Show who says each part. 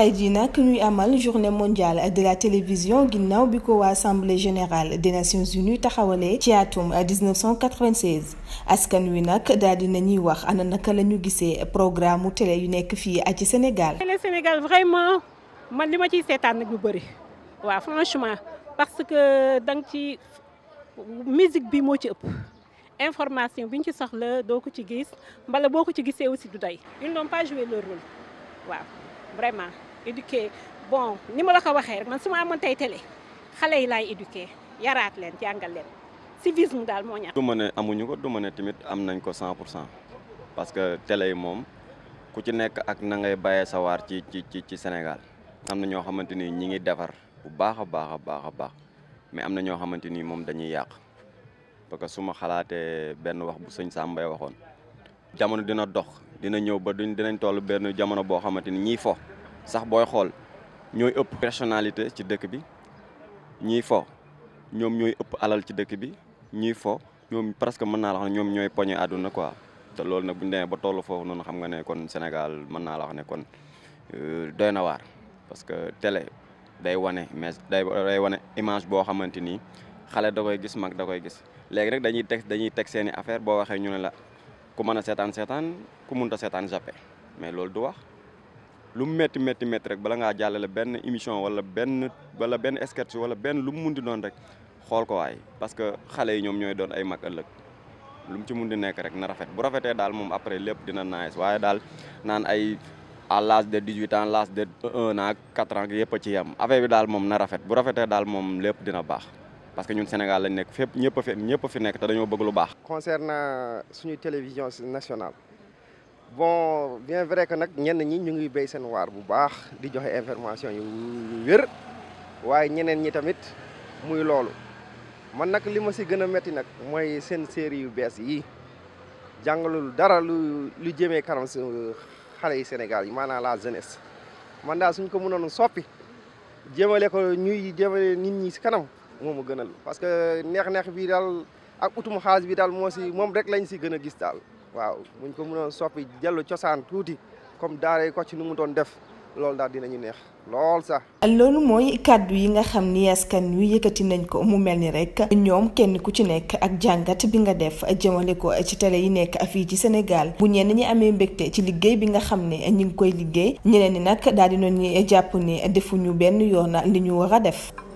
Speaker 1: ay ji nag ñuy amal journée mondiale de la télévision ginnaaw bi ko waa assemblée générale des nations unies taxawalee ci atum 1996 askan wi nag daal di nañuy wax ana naka la ñu gisee programme mu télé yu nekk fii ci Sénégal.
Speaker 2: Sénégal vraiment man li ma ciy seetaan nag lu bëri waaw franchement parce que da nga ci musique bi moo ci ëpp. information bi ñu ci soxla doo ko ci gis mbala boo ko ci gisee aussi du day ils n'ont pas joué leur rôle waaw éduquer bon ni ma la ko waxee rek man su ma amoon tey télé xale yi laay éduquer yaraat leen jàngal leen civisme daal moo ñàkk. du
Speaker 3: ne amuñu ko du ma ne tamit am nañ ko cent pour cent parce que télé yi moom ku ci nekk ak na ngay bàyyee sa waar ci ci ci ci Sénégal am na ñoo xamante ni ñi ngi defar bu baax a baax a baax a baax mais am na ñoo xamante ni moom dañuy yàq parce que su ma xalaatee benn wax bu sëñ Samba waxoon. jamono dina dox dina ñëw ba duñ dinañ toll benn jamono boo xamante ni ñiy fo. sax booy xool ñooy ëpp nationalité ci dëkk bi ñii fo ñoom ñooy ëpp alal ci dëkk bi ñii fo ñoom presque mën naa la wax ñoom ñooy poñe àdduna quoi te lool nag bu ñu demee ba toll foofu noonu xam nga ne kon Sénégal mën naa la ne kon euh, doy na waar parce que télé day wane mais day day wane image boo xamante ni xale da koy gis mag da koy gis léegi rek dañuy teg dañuy teg ni affaire boo waxee ñu ne la ku mën a seetaan seetaan ku mun mënta seetaan jappe mais loolu du wax lu mu métti métti rek bala ngaa jàllale benn émission wala benn wala benn sketch wala benn lu mu munti doon rek xool ko waay parce que xale yi ñoom ñooy doon ay mag ëllëg lu mu ci mun di nekk rek na rafet bu rafetee daal moom après lépp dina nice waaye daal naan ay à l'âge de 18 ans l'âge de 1 an 4 ans yëpp a ci yem affaire daal moom na rafet bu rafetee daal moom lépp dina baax parce que ñun Sénégal lañ nekk fépp ñëpp a fi ñëpp fi nekk te dañoo bëgg lu baax.
Speaker 4: concernant suñu télévision nationale. bon bien vrai que nag ñenn ñi ñu ngi béy seen waar bu baax di joxe information yu wér waaye ñeneen ñi tamit muy loolu man nag li ma si gën a métti nag mooy seen série yu bees yi jàngalul dara lu lu jëmee kanam si euh, xale yi Sénégal yi maanaam la jeunesse man daal suñ ko mënoon soppi jëmale ko ñuy jëmale nit ñi si kanam moo ma gënal parce que neex-neex bi daal ak utum xaalis bi daal moo si moom rek lañ si gën a gis daal. waaw buñ ko mënoon soppi jëllu cosaan tuuti comme ko ci nu mu doon def loolu daal dinañu neex lool sax.
Speaker 1: loolu mooy kàddu yi nga xam ni askan wi yëkkati nañ ko mu mel ni rek ñoom kenn ku ci nekk ak jàngat bi nga def jëmale ko ci tele yi nekk fii ci Sénégal bu ñenn ñi amee mbégte ci liggéey bi nga xam ne ñu ngi koy liggéey ñeneen ñi nag daal di nañu jàpp ni defu ñu benn yoon li ñu war a def.